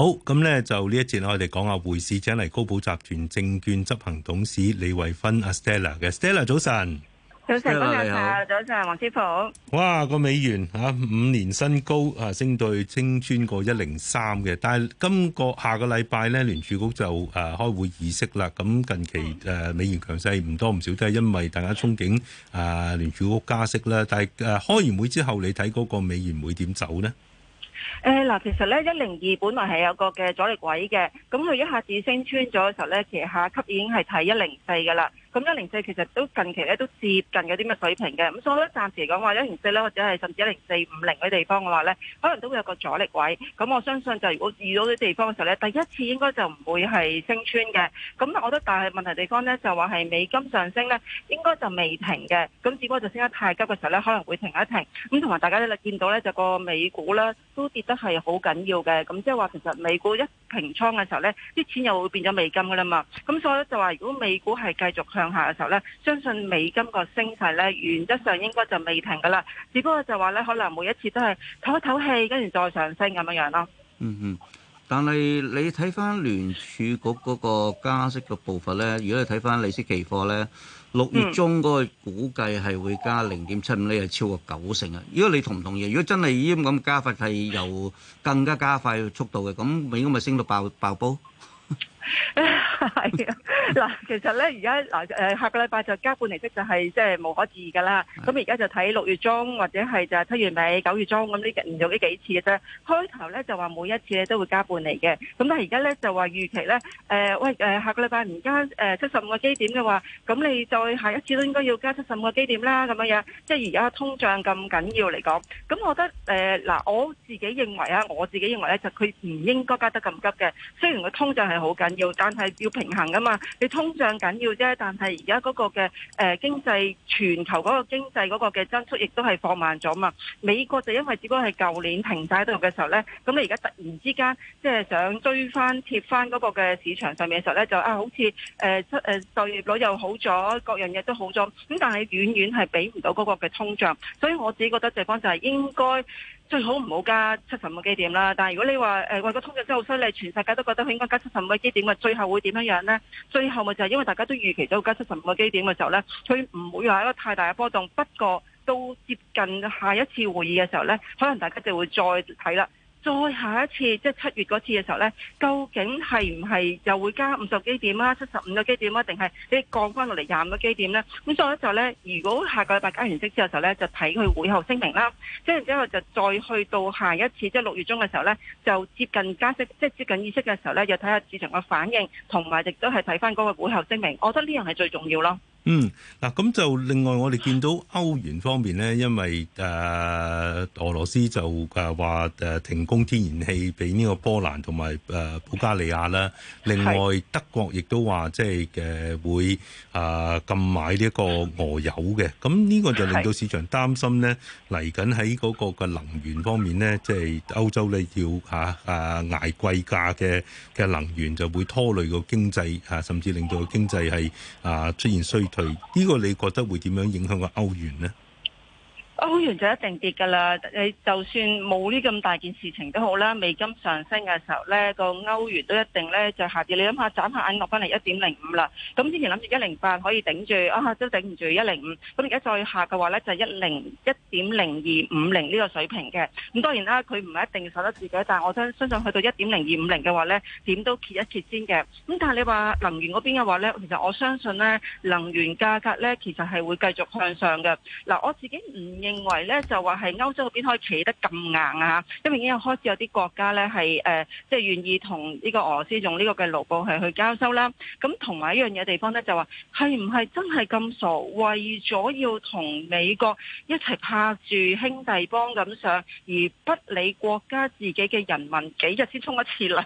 好，咁呢就呢一節我哋講下匯市，請嚟高寶集團證券執行董事李慧芬阿 Stella 嘅 Stella 早晨，早晨，你好，早晨，黃師傅。哇，個美元啊五年新高啊升到去穿穿過一零三嘅，但係今個下個禮拜呢聯儲局就誒開會議息啦。咁近期誒美元強勢唔多唔少都係因為大家憧憬啊聯儲局加息啦。但係誒開完會之後，你睇嗰個美元會點走呢？誒嗱、呃，其實咧一零二本來係有個嘅阻力位嘅，咁佢一下子升穿咗嘅時候咧，其實下級已經係睇一零四㗎喇。咁一零四其實都近期咧都接近嗰啲咩水平嘅，咁、嗯、所以咧暫時嚟講話一零四咧或者係甚至一零四五零嗰啲地方嘅話咧，可能都會有個阻力位。咁我相信就如果遇到啲地方嘅時候咧，第一次應該就唔會係升穿嘅。咁啊，我覺得但係問題地方咧就話係美金上升咧，應該就未停嘅。咁只不過就升得太急嘅時候咧，可能會停一停。咁同埋大家咧見到咧就個美股咧都跌得係好緊要嘅。咁即係話其實美股一平倉嘅時候咧，啲錢又會變咗美金噶啦嘛。咁所以咧就話如果美股係繼續向下嘅時候咧，相信美金個升勢咧，原則上應該就未停噶啦，只不過就話咧，可能每一次都係唞一唞氣，跟住再上升咁樣樣咯。嗯嗯，但係你睇翻聯儲局嗰個加息嘅步伐咧，如果你睇翻利息期貨咧，六月中嗰個估計係會加零點七五厘，係超過九成啊！如果你同唔同意？如果真係已經咁加法係由更加加快速度嘅，咁美金咪升到爆爆煲？係啊，嗱， 其實咧而家嗱，誒、呃、下個禮拜就加半厘息就係即係無可置疑噶啦。咁而家就睇六月中或者係就係七月尾、九月中咁啲，唔做呢幾次嘅啫。開頭咧就話每一次咧都會加半厘嘅。咁但係而家咧就話預期咧，誒、呃、喂，誒、呃、下個禮拜唔加誒七十五個基點嘅話，咁你再下一次都應該要加七十五個基點啦，咁樣樣。即係而家通脹咁緊要嚟講，咁我覺得誒嗱、呃呃，我自己認為啊，我自己認為咧就佢、是、唔應該加得咁急嘅。雖然個通脹係好緊。但係要平衡噶嘛？你通脹緊要啫，但係而家嗰個嘅誒、呃、經濟全球嗰個經濟嗰個嘅增速亦都係放慢咗嘛？美國就因為只不過係舊年停曬度嘅時候呢，咁你而家突然之間即係想追翻貼翻嗰個嘅市場上面嘅時候呢，就啊好似誒誒就業率又好咗，各樣嘢都好咗，咁但係遠遠係畀唔到嗰個嘅通脹，所以我自己覺得地方就係應該。最好唔好加七十五個基點啦，但係如果你話誒為咗通脹真係好犀利，全世界都覺得佢應該加七十五個基點嘅，最後會點樣樣呢？最後咪就係因為大家都預期到加七十五個基點嘅時候呢，佢唔會有一個太大嘅波動。不過到接近下一次會議嘅時候呢，可能大家就會再睇啦。再下一次，即係七月嗰次嘅時候呢，究竟係唔係又會加五十個基點啦？七十五個基點啊，定係、啊、你降翻落嚟廿五個基點呢？咁所以咧就咧，如果下個禮拜加完息之後嘅時候呢，就睇佢會後聲明啦。即係然之後就再去到下一次，即係六月中嘅時候呢，就接近加息，即、就、係、是、接近議息嘅時候呢，又睇下市場嘅反應，同埋亦都係睇翻嗰個會後聲明。我覺得呢樣係最重要咯。嗯，嗱，咁就另外我哋見到歐元方面咧，因為誒、呃、俄羅斯就誒話誒停供天然氣俾呢個波蘭同埋誒保加利亞啦。另外德國亦都話即係誒會誒、呃、禁買呢一個俄油嘅。咁呢個就令到市場擔心咧，嚟緊喺嗰個嘅能源方面咧，即係歐洲咧要嚇誒捱貴價嘅嘅能源就會拖累個經濟啊，甚至令到個經濟係啊出現衰退。呢個你覺得會點樣影響個歐元咧？歐元就一定跌㗎啦，你就算冇呢咁大件事情都好啦，美金上升嘅時候呢個歐元都一定呢就下跌。你諗下，眨下眼落翻嚟一點零五啦。咁之前諗住一零八可以頂住，啊都頂唔住一零五。咁而家再下嘅話呢，就一零一點零二五零呢個水平嘅。咁當然啦，佢唔係一定守得住嘅，但係我都相信去到一點零二五零嘅話呢，點都揭一揭先嘅。咁但係你話能源嗰邊嘅話呢，其實我相信呢，能源價格呢，其實係會繼續向上嘅。嗱，我自己唔認，認為咧就話係歐洲嗰邊可以企得咁硬啊，因為已經開始有啲國家咧係誒即係願意同呢個俄羅斯用呢個嘅盧布係去交收啦。咁、嗯、同埋一樣嘢地方咧就話係唔係真係咁傻，為咗要同美國一齊拍住兄弟幫咁上，而不理國家自己嘅人民幾日先沖一次涼，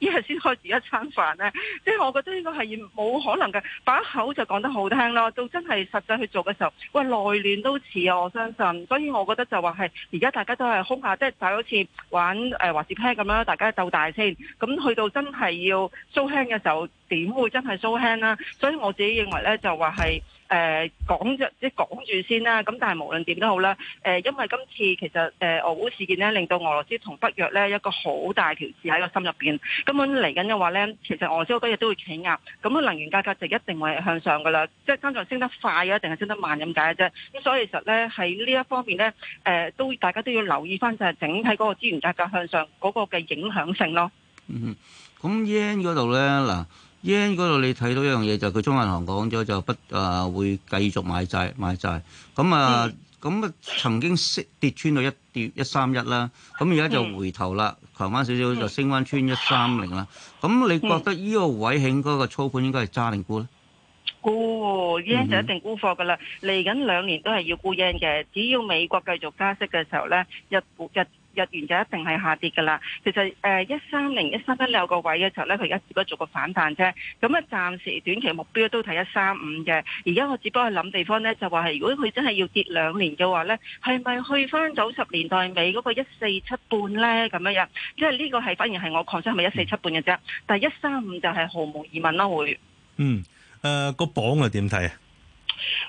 一日先開住一餐飯咧？即係我覺得應該係冇可能嘅，把口就講得好聽囉，到真係實際去做嘅時候，喂內亂都似啊！我相信。所以，我覺得就話係而家大家都係空下，即係就是、好似玩誒華士聽咁啦，大家鬥大先。咁去到真係要 show hand 嘅時候，點會真係 show hand 啦？所以我自己認為咧，就話係。誒、嗯、講就即係講住先啦，咁但係無論點都好啦，誒因為今次其實誒俄烏事件咧，令到俄羅斯同北約咧一個好大條刺喺個心入邊。根本嚟緊嘅話咧，其實俄羅斯好多嘢都會企壓，咁能源價格就一定會向上㗎啦，即係爭在升得快嘅，定係升得慢咁解啫。咁所以其實咧喺呢一方面咧，誒、呃、都大家都要留意返就係整體嗰個資源價格向上嗰個嘅影響性咯。嗯，咁 yen 嗰度咧嗱。yen 嗰度你睇到一樣嘢就係佢中銀行講咗，就不啊會繼續買債買債。咁啊，咁啊，曾經息跌穿到一跌一三一啦，咁而家就回頭啦，強翻少少就升翻穿一三零啦。咁你覺得呢個位喺嗰個操盤應該係揸定沽咧？沽 yen 就一定沽貨㗎啦，嚟緊兩年都係要沽 yen 嘅。只要美國繼續加息嘅時候咧，一一。日元就一定係下跌㗎啦。其實誒一三零一三一兩個位嘅時候咧，佢而家只不過做個反彈啫。咁啊，暫時短期目標都睇一三五嘅。而家我只不過諗地方咧，就話係如果佢真係要跌兩年嘅話咧，係咪去翻九十年代尾嗰個一四七半咧咁樣樣？因為呢個係反而係我擴張係咪一四七半嘅啫？但係一三五就係毫無疑問囉，會嗯誒個、呃、榜係點睇啊？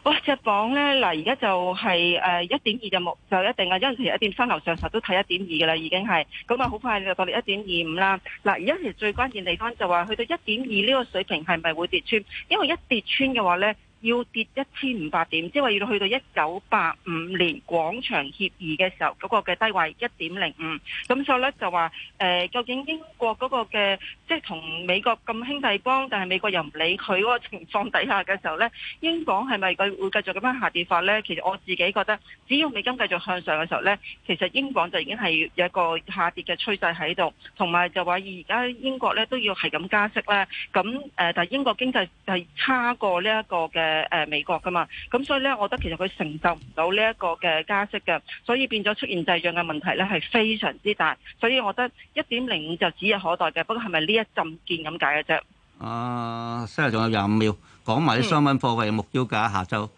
哇！隻房咧，嗱、這個，而家就係誒一點二就冇就一定啊！因為其實一點三樓上實都睇一點二㗎啦，已經係咁啊，好快你就到嚟一點二五啦！嗱，而家其實最關鍵地方就話去到一點二呢個水平係咪會跌穿？因為一跌穿嘅話咧。要跌一千五百點，即係話要去到一九八五年廣場協議嘅時候嗰、那個嘅低位一點零五，咁所以呢，就話誒，究竟英國嗰個嘅即係同美國咁兄弟幫，但係美國又唔理佢嗰個情況底下嘅時候呢，英鎊係咪佢會繼續咁樣下跌法呢？其實我自己覺得，只要美金繼續向上嘅時候呢，其實英鎊就已經係有一個下跌嘅趨勢喺度，同埋就話而家英國呢，都要係咁加息咧，咁誒、呃，但係英國經濟係差過呢一個嘅。誒誒，美國噶嘛，咁所以咧，我覺得其實佢承受唔到呢一個嘅加息嘅，所以變咗出現滯脹嘅問題咧，係非常之大，所以我覺得一點零五就指日可待嘅，不過係咪呢一陣見咁解嘅啫？啊，先係仲有廿五秒，講埋啲商品貨幣目標價下晝、嗯。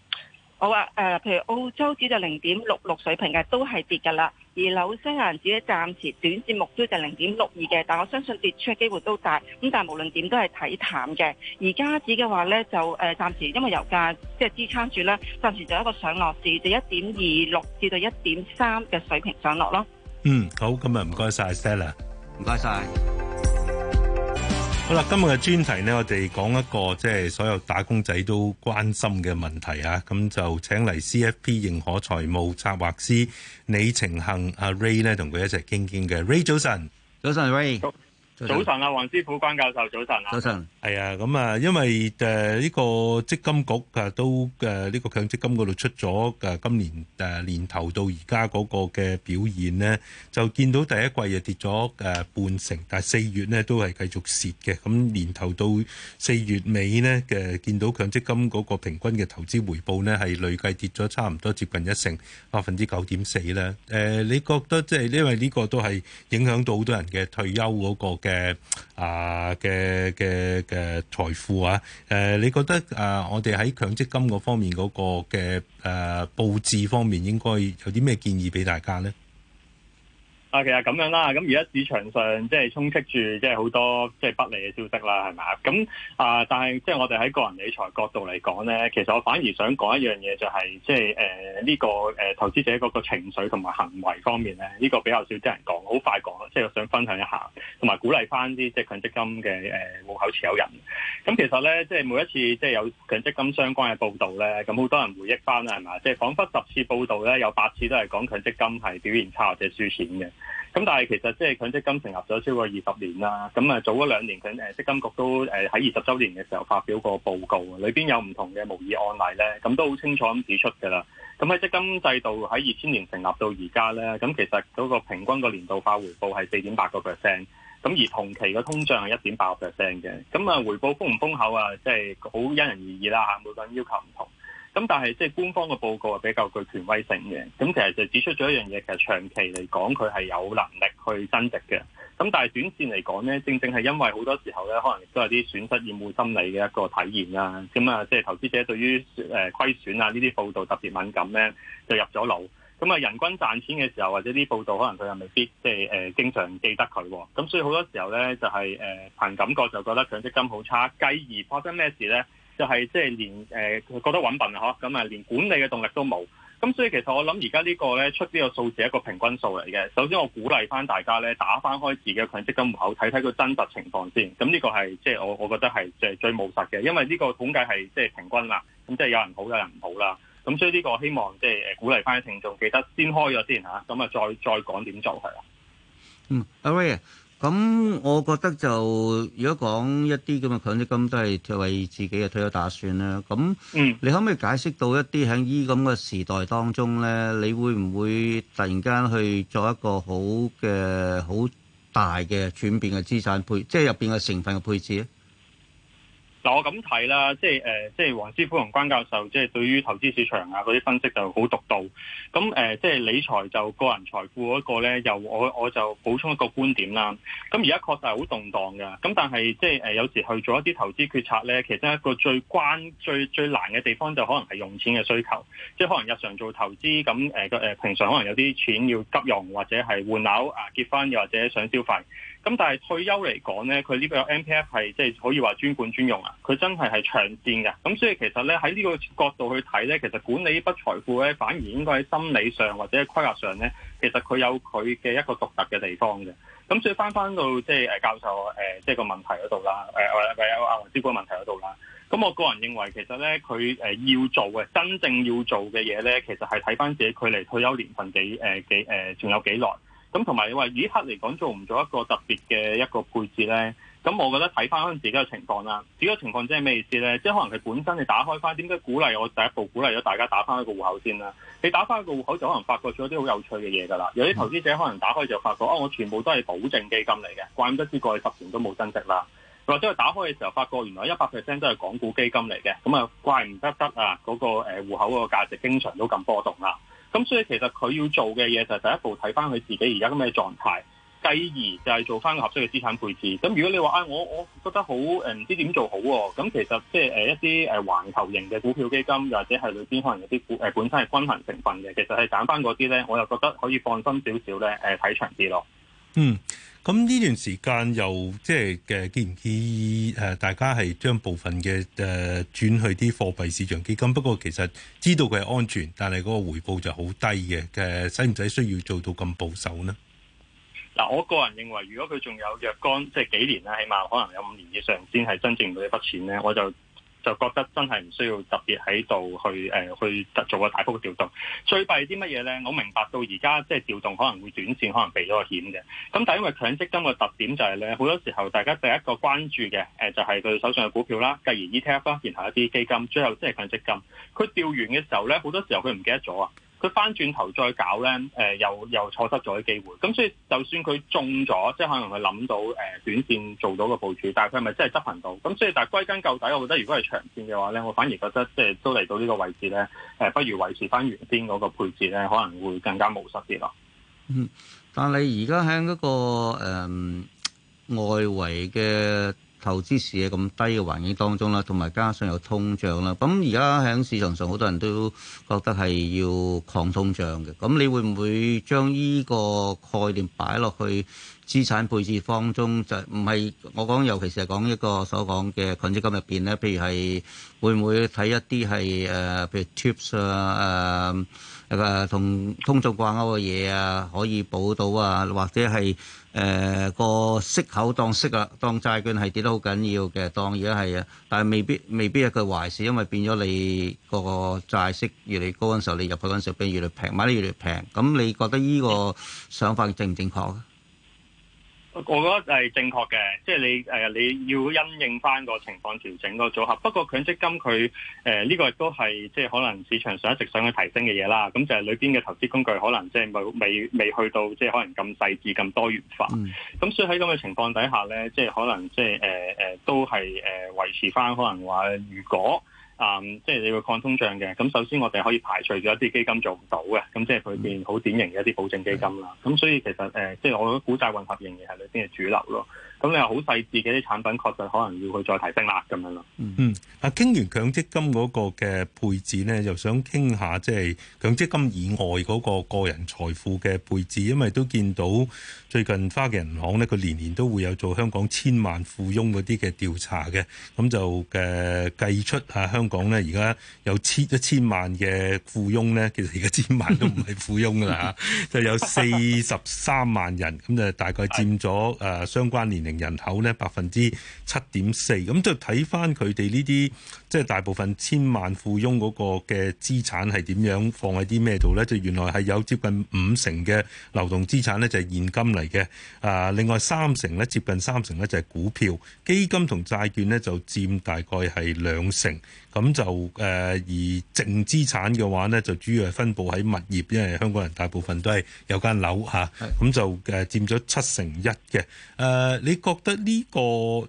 好啊，誒、呃，譬如澳洲指就零點六六水平嘅，都係跌噶啦。而紐西蘭指咧暫時短線目標就零點六二嘅，但我相信跌出嘅機會都大，咁但係無論點都係睇淡嘅。而家指嘅話咧，就誒暫時因為油價即係支撐住咧，暫時就一個上落市，就一點二六至到一點三嘅水平上落咯。嗯，好，今日唔該晒 Stella，唔該晒。謝謝。好啦，今日嘅專題呢，我哋講一個即係、就是、所有打工仔都關心嘅問題啊。咁、嗯、就請嚟 CFP 認可財務策劃師李澄幸阿、啊、Ray 咧，同佢一齊傾傾嘅。Ray 早晨，早晨 Ray。早晨，早晨啊，黃師傅關教授，早晨啊。早晨。係啊，咁啊，因為誒呢個積金局啊都誒呢、呢個強積金嗰度出咗誒今年誒年頭到而家嗰個嘅表現呢，就見到第一季啊跌咗誒半成，但係四月呢都係繼續蝕嘅。咁年頭到四月尾呢，嘅，見到強積金嗰個平均嘅投資回報呢，係累計跌咗差唔多接近一成，百、啊、分之九點四咧。誒、啊，你覺得即係因為呢個都係影響到好多人嘅退休嗰、嗰個。嘅啊嘅嘅嘅財富啊，誒、呃，你覺得啊、呃，我哋喺強積金嗰方面嗰個嘅誒佈置方面，應該有啲咩建議俾大家咧？啊，其實咁樣啦，咁而家市場上即係充斥住即係好多即係不利嘅消息啦，係咪？咁啊、呃，但係即係我哋喺個人理財角度嚟講咧，其實我反而想講一樣嘢、就是，就係即係誒呢個誒投資者嗰個情緒同埋行為方面咧，呢、這個比較少啲人講，好快講，即、就、係、是、我想分享一下，同埋鼓勵翻啲即係強積金嘅誒戶口持有人。咁其實咧，即、就、係、是、每一次即係有強積金相關嘅報道咧，咁好多人回憶翻啦，係嘛？即、就、係、是、彷彿十次報道咧，有八次都係講強積金係表現差或者輸錢嘅。咁但係其實即係強積金成立咗超過二十年啦，咁啊早嗰兩年，強誒積金局都誒喺二十週年嘅時候發表過報告啊，裏邊有唔同嘅模擬案例咧，咁都好清楚咁指出嘅啦。咁喺積金制度喺二千年成立到而家咧，咁其實嗰個平均個年度化回報係四點八個 percent，咁而同期嘅通脹係一點八個 percent 嘅，咁啊回報豐唔豐厚啊？即係好因人而異啦嚇，每個人要求唔同。咁但係即係官方嘅報告啊，比較具權威性嘅。咁其實就指出咗一樣嘢，其實長期嚟講，佢係有能力去增值嘅。咁但係短線嚟講咧，正正係因為好多時候咧，可能亦都係啲損失厭惡心理嘅一個體驗啦。咁啊，即係投資者對於誒虧損啊呢啲報導特別敏感咧，就入咗腦。咁啊，人均賺錢嘅時候或者啲報導，可能佢又未必即係誒經常記得佢。咁所以好多時候咧，就係誒憑感覺就覺得強積金好差。繼而發生咩事咧？就係即係連誒、呃、覺得揾笨啊嗬，咁啊、嗯、連管理嘅動力都冇，咁所以其實我諗而家呢個咧出呢個數字係一個平均數嚟嘅。首先我鼓勵翻大家咧打翻開自己嘅強積金戶口，睇睇個真實情況先。咁呢個係即係我我覺得係即係最務實嘅，因為呢個統計係即係平均啦，咁即係有人好有人唔好啦。咁所以呢個希望即係誒鼓勵翻啲聽眾記得先開咗先嚇，咁啊再再講點做佢啦。嗯，好嘅。咁我覺得就如果講一啲咁嘅強積金都係為自己嘅退休打算啦。咁，你可唔可以解釋到一啲喺呢啲咁嘅時代當中咧，你會唔會突然間去做一個好嘅、好大嘅轉變嘅資產配，即係入邊嘅成分嘅配置咧？嗱，我咁睇啦，即係誒，即係黃師傅同關教授，即係對於投資市場啊嗰啲分析就好獨到。咁誒，即係理財就個人財富嗰個咧，又我我就補充一個觀點啦。咁而家確實係好動盪嘅，咁但係即係誒，有時去做一啲投資決策咧，其實一個最關最最難嘅地方就可能係用錢嘅需求，即係可能日常做投資，咁誒誒，平常可能有啲錢要急用，或者係換樓啊、結婚，又或者想消費。咁但係退休嚟講咧，佢呢個 MPF 係即係可以話專管專用啊！佢真係係長線嘅。咁所以其實咧，喺呢個角度去睇咧，其實管理呢筆財富咧，反而應該喺心理上或者規劃上咧，其實佢有佢嘅一個獨特嘅地方嘅。咁所以翻翻到即係誒教授誒即係個問題嗰度啦，誒或者阿阿資管問題嗰度啦。咁我個人認為其實咧，佢誒要做嘅真正要做嘅嘢咧，其實係睇翻自己距離退休年份幾誒幾誒仲、呃、有幾耐。咁同埋你話呢刻嚟講做唔做一個特別嘅一個配置咧？咁我覺得睇翻自己嘅情況啦。自己嘅情況即係咩意思咧？即係可能佢本身你打開翻，點解鼓勵我，我第一步鼓勵咗大家打翻一個戶口先啦？你打翻一個戶口就可能發覺咗啲好有趣嘅嘢㗎啦。有啲投資者可能打開就發覺，哦，我全部都係保證基金嚟嘅，怪唔得知過去十年都冇增值啦。或者佢打開嘅時候發覺原來一百 percent 都係港股基金嚟嘅，咁啊怪唔得得啊嗰個誒戶口個價值經常都咁波動啦。咁所以其實佢要做嘅嘢就係第一步睇翻佢自己而家咁嘅狀態，繼而就係做翻個合適嘅資產配置。咁如果你話啊，我我覺得好誒，唔知點做好喎？咁其實即係誒一啲誒環球型嘅股票基金，又或者係裏邊可能有啲股誒本身係均衡成分嘅，其實係揀翻嗰啲咧，我又覺得可以放心少少咧誒睇長啲咯。嗯。咁呢段時間又即係嘅，建唔建議誒大家係將部分嘅誒、呃、轉去啲貨幣市場基金？不過其實知道佢係安全，但係嗰個回報就好低嘅。誒、呃，使唔使需要做到咁保守呢？嗱、啊，我個人認為，如果佢仲有若干即係幾年咧，起碼可能有五年以上先係真正到一筆錢咧，我就。就覺得真係唔需要特別喺度去誒、呃、去做個大幅嘅調動。最弊啲乜嘢咧？我明白到而家即係調動可能會短線可能避咗個險嘅。咁但係因為強積金嘅特點就係、是、咧，好多時候大家第一個關注嘅誒就係佢手上嘅股票啦，繼而 ETF 啦，然後一啲基金，最後即係強積金。佢調完嘅時候咧，好多時候佢唔記得咗啊！佢翻轉頭再搞呢，誒、呃、又又錯失咗啲機會。咁所以就算佢中咗，即、就、係、是、可能佢諗到誒、呃、短線做到個部署，但係佢係咪真係執行到？咁所以但係歸根究底，我覺得如果係長線嘅話呢，我反而覺得即係都嚟到呢個位置呢，誒、呃、不如維持翻原先嗰個配置呢，可能會更加冇失啲咯。嗯，但你而家喺嗰個、呃、外圍嘅投資市嘅咁低嘅環境當中啦，同埋加上有通脹啦，咁而家喺市場上好多人都覺得係要抗通脹嘅。咁你會唔會將依個概念擺落去資產配置方中？就唔係我講，尤其是係講一個所講嘅強積金入邊咧。譬如係會唔會睇一啲係誒，譬如 tips 啊、呃、誒，一個同通脹掛鈎嘅嘢啊，可以補到啊，或者係？誒、呃個息口當息啊，當債券係跌得好緊要嘅，當而家係啊，但係未必未必係一個壞事，因為變咗你個債息越嚟高嘅時候，你入去嗰陣時候變越嚟平，買得越嚟平，咁你覺得呢個想法正唔正確啊？我覺得係正確嘅，即係你誒你要因應翻個情況調整個組合。不過強積金佢誒呢個都係即係可能市場上一直想去提升嘅嘢啦。咁就係裏邊嘅投資工具可能即係未未未去到即係可能咁細緻咁多元化。咁、嗯、所以喺咁嘅情況底下咧，即係可能即係誒誒都係誒維持翻可能話如果。誒，um, 即係你要抗通脹嘅，咁首先我哋可以排除咗一啲基金做唔到嘅，咁即係佢變好典型嘅一啲保證基金啦。咁、嗯、所以其實誒、呃，即係我覺得股債混合型嘅係裏邊嘅主流咯。咁你好細緻嘅啲產品，確實可能要去再提升啦，咁樣咯。嗯嗯，啊，傾完強積金嗰個嘅配置呢，又想傾下即係強積金以外嗰個個人財富嘅配置，因為都見到最近花旗銀行呢，佢年年都會有做香港千萬富翁嗰啲嘅調查嘅，咁就嘅、呃、計出啊，香港呢，而家有千一千萬嘅富翁呢，其實而家千萬都唔係富翁噶啦嚇， 就有四十三萬人，咁 就大概佔咗誒、呃、相關年齡。人口呢，百分之七點四，咁就睇翻佢哋呢啲。即係大部分千萬富翁嗰個嘅資產係點樣放喺啲咩度呢？就原來係有接近五成嘅流動資產呢，就係現金嚟嘅。啊、呃，另外三成呢，接近三成呢，就係股票、基金同債券呢，就佔大概係兩成。咁就誒、呃，而淨資產嘅話呢，就主要係分佈喺物業，因為香港人大部分都係有間樓嚇。咁、啊、的就誒佔咗七成一嘅。誒、呃，你覺得呢、呢個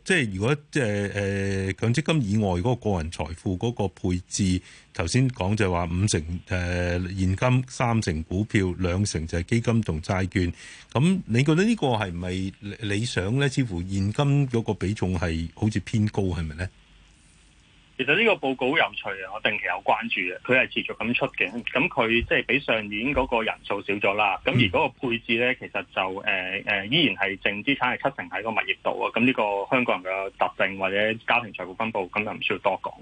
即係如果誒誒、呃、強積金以外嗰個個人？財富嗰個配置，頭先講就係話五成誒、呃、現金，三成股票，兩成就係基金同債券。咁你覺得呢個係唔係理想呢？似乎現金嗰個比重係好似偏高，係咪呢？其實呢個報告好有趣啊！我定期有關注嘅，佢係持續咁出嘅。咁佢即係比上年嗰個人數少咗啦。咁而嗰個配置咧，其實就誒誒、呃呃，依然係淨資產係七成喺個物業度啊。咁呢個香港人嘅特性或者家庭財富分布，咁就唔需要多講。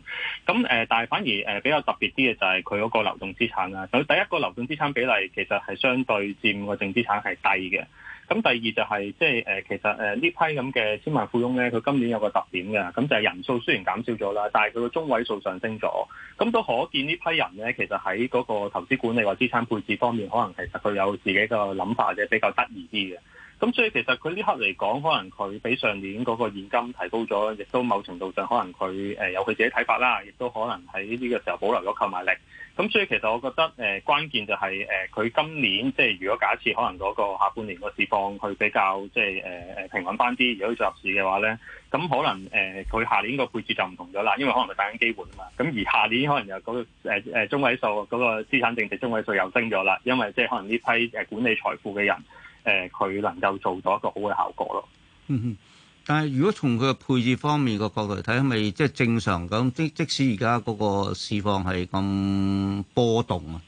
咁誒、呃，但係反而誒比較特別啲嘅就係佢嗰個流動資產啦。佢第一個流動資產比例其實係相對佔個淨資產係低嘅。咁第二就係即係誒，其實誒呢批咁嘅千萬富翁咧，佢今年有個特點嘅，咁就係人數雖然減少咗啦，但係佢個中位數上升咗，咁都可見呢批人咧，其實喺嗰個投資管理或資產配置方面，可能其實佢有自己嘅諗法，或者比較得意啲嘅。咁所以其實佢呢刻嚟講，可能佢比上年嗰個現金提高咗，亦都某程度上可能佢誒有佢自己睇法啦，亦都可能喺呢個時候保留咗購買力。咁所以其實我覺得誒、呃、關鍵就係誒佢今年即係如果假設可能嗰個下半年個市況佢比較即係誒誒平穩翻啲，如果佢入市嘅話咧，咁可能誒佢、呃、下年個配置就唔同咗啦，因為可能佢帶緊基本啊嘛。咁而下年可能又嗰誒誒中位數嗰、嗰個資產淨值中位數又升咗啦，因為即係可能呢批誒管理財富嘅人。誒，佢能夠做到一個好嘅效果咯。嗯哼，但係如果從佢嘅配置方面個角度嚟睇，係咪即係正常咁？即即使而家嗰個市況係咁波動，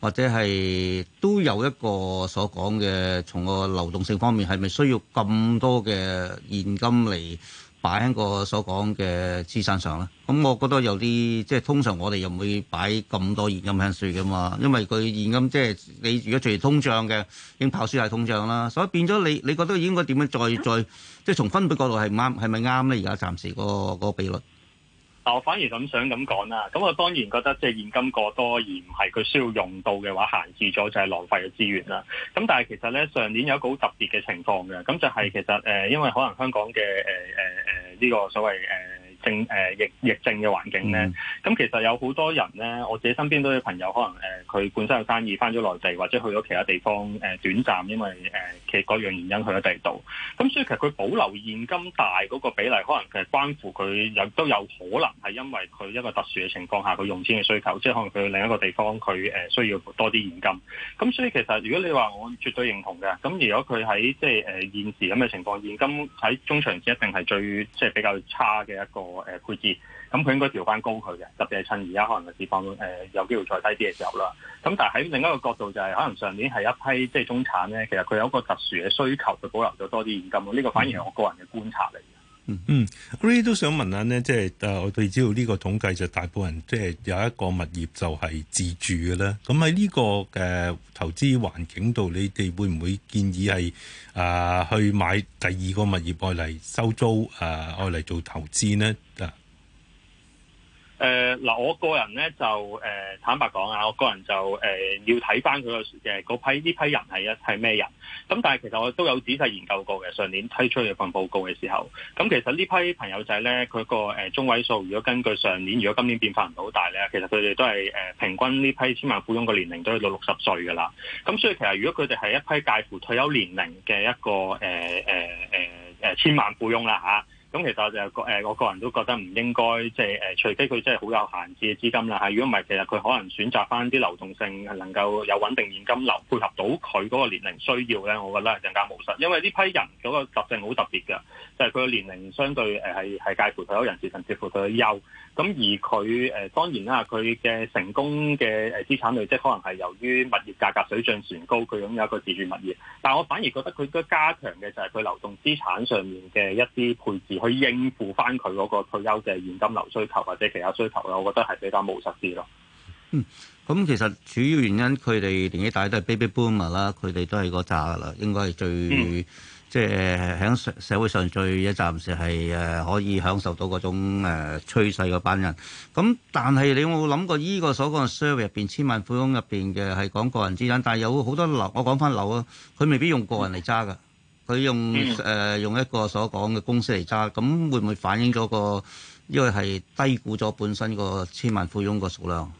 或者係都有一個所講嘅，從個流動性方面係咪需要咁多嘅現金嚟？擺喺個所講嘅資產上啦，咁我覺得有啲即係通常我哋又唔會擺咁多現金喺書嘅嘛，因為佢現金即係你如果隨住通脹嘅，已經跑輸曬通脹啦，所以變咗你你覺得應該點樣再再即係從分配角度係唔啱，係咪啱咧？而家暫時、嗰個、嗰個比率。我反而咁想咁講啦，咁我當然覺得即係現金過多而唔係佢需要用到嘅話，閒置咗就係浪費嘅資源啦。咁但係其實咧上年有一個好特別嘅情況嘅，咁就係其實誒、呃，因為可能香港嘅誒誒誒呢個所謂誒。呃政誒疫疫症嘅環境咧，咁、嗯、其實有好多人咧，我自己身邊都有朋友，可能誒佢本身有生意，返咗內地或者去咗其他地方誒短暫，因為誒其各樣原因去咗第二度。咁所以其實佢保留現金大嗰個比例，可能其實關乎佢有都有可能係因為佢一個特殊嘅情況下，佢用錢嘅需求，即、就、係、是、可能佢去另一個地方佢誒需要多啲現金。咁所以其實如果你話我絕對認同嘅，咁如果佢喺即係誒現時咁嘅情況，現金喺中長線一定係最即係、就是、比較差嘅一個。我配置，咁、嗯、佢應該調翻高佢嘅，特別係趁而家可能個市況誒、呃、有機會再低啲嘅時候啦。咁、嗯、但係喺另一個角度就係、是，可能上年係一批即係中產咧，其實佢有一個特殊嘅需求，就保留咗多啲現金咯。呢、這個反而係我個人嘅觀察嚟。Mm hmm. 嗯，我哋都想問下咧，即係誒，我哋知道呢個統計就大部分人即係、就是、有一個物業就係自住嘅啦。咁喺呢個誒投資環境度，你哋會唔會建議係誒、啊、去買第二個物業愛嚟收租誒愛嚟做投資咧？誒嗱、呃，我個人咧就誒、呃、坦白講啊，我個人就誒、呃、要睇返佢嘅嗰批呢批人係一係咩人。咁但係其實我都有仔細研究過嘅，上年推出嘅份報告嘅時候，咁、嗯、其實呢批朋友仔咧佢個誒中位數，如果根據上年，如果今年變化唔係好大咧，其實佢哋都係誒、呃、平均呢批千萬富翁嘅年齡都係到六十歲㗎啦。咁、嗯、所以其實如果佢哋係一批介乎退休年齡嘅一個誒誒誒誒千萬富翁啦嚇。咁其實就係誒，我個人都覺得唔應該，即係誒，除非佢真係好有閒置嘅資金啦。嚇，如果唔係，其實佢可能選擇翻啲流動性能夠有穩定現金流，配合到佢嗰個年齡需要咧，我覺得係更加務實。因為呢批人嗰個特性好特別㗎，就係佢嘅年齡相對誒係係介乎退休人士甚至乎退休優。咁而佢誒當然啦，佢嘅成功嘅誒資產累積，即可能係由於物業價格水漲船高，佢擁有一個自住物業。但係我反而覺得佢應該加強嘅就係佢流動資產上面嘅一啲配置。去應付翻佢嗰個退休嘅現金流需求或者其他需求咧，我覺得係比較冇實啲咯。嗯，咁其實主要原因佢哋年紀大都係 baby boomer 啦，佢哋都係個揸噶啦，應該係最、嗯、即係喺社會上最一暫時係誒可以享受到嗰種誒、呃、趨勢嗰班人。咁但係你有冇諗過呢個所講嘅 survey 入邊，千萬富翁入邊嘅係講個人資產，但係有好多樓，我講翻樓啊，佢未必用個人嚟揸噶。嗯佢用誒、嗯呃、用一個所講嘅公司嚟揸，咁會唔會反映咗個因為係低估咗本身個千萬富翁個數量？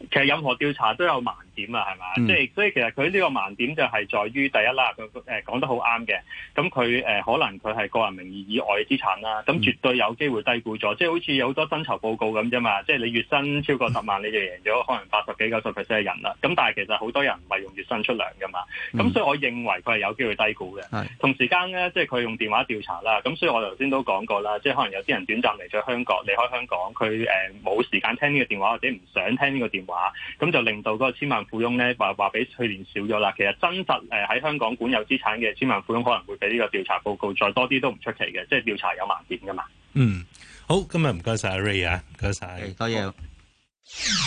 其實任何調查都有盲。點啊，係嘛、嗯？即係所以其實佢呢個盲點就係在於第一啦，佢誒講得好啱嘅。咁佢誒可能佢係個人名義以外嘅資產啦，咁絕對有機會低估咗。即係好似有好多薪酬報告咁啫嘛，即係你月薪超過十萬，你就贏咗可能八十幾九十 percent 嘅人啦。咁但係其實好多人唔係用月薪出糧㗎嘛。咁所以我認為佢係有機會低估嘅。同時間咧，即係佢用電話調查啦。咁所以我頭先都講過啦，即係可能有啲人短暫嚟咗香港，離開香港，佢誒冇時間聽呢個電話或者唔想聽呢個電話，咁就令到嗰個千萬富翁咧，話話比去年少咗啦。其實真實誒喺香港管有資產嘅千萬富翁，可能會比呢個調查報告再多啲都唔出奇嘅。即係調查有盲點噶嘛。嗯，好，今日唔該晒阿 Ray 啊，唔該晒。多謝。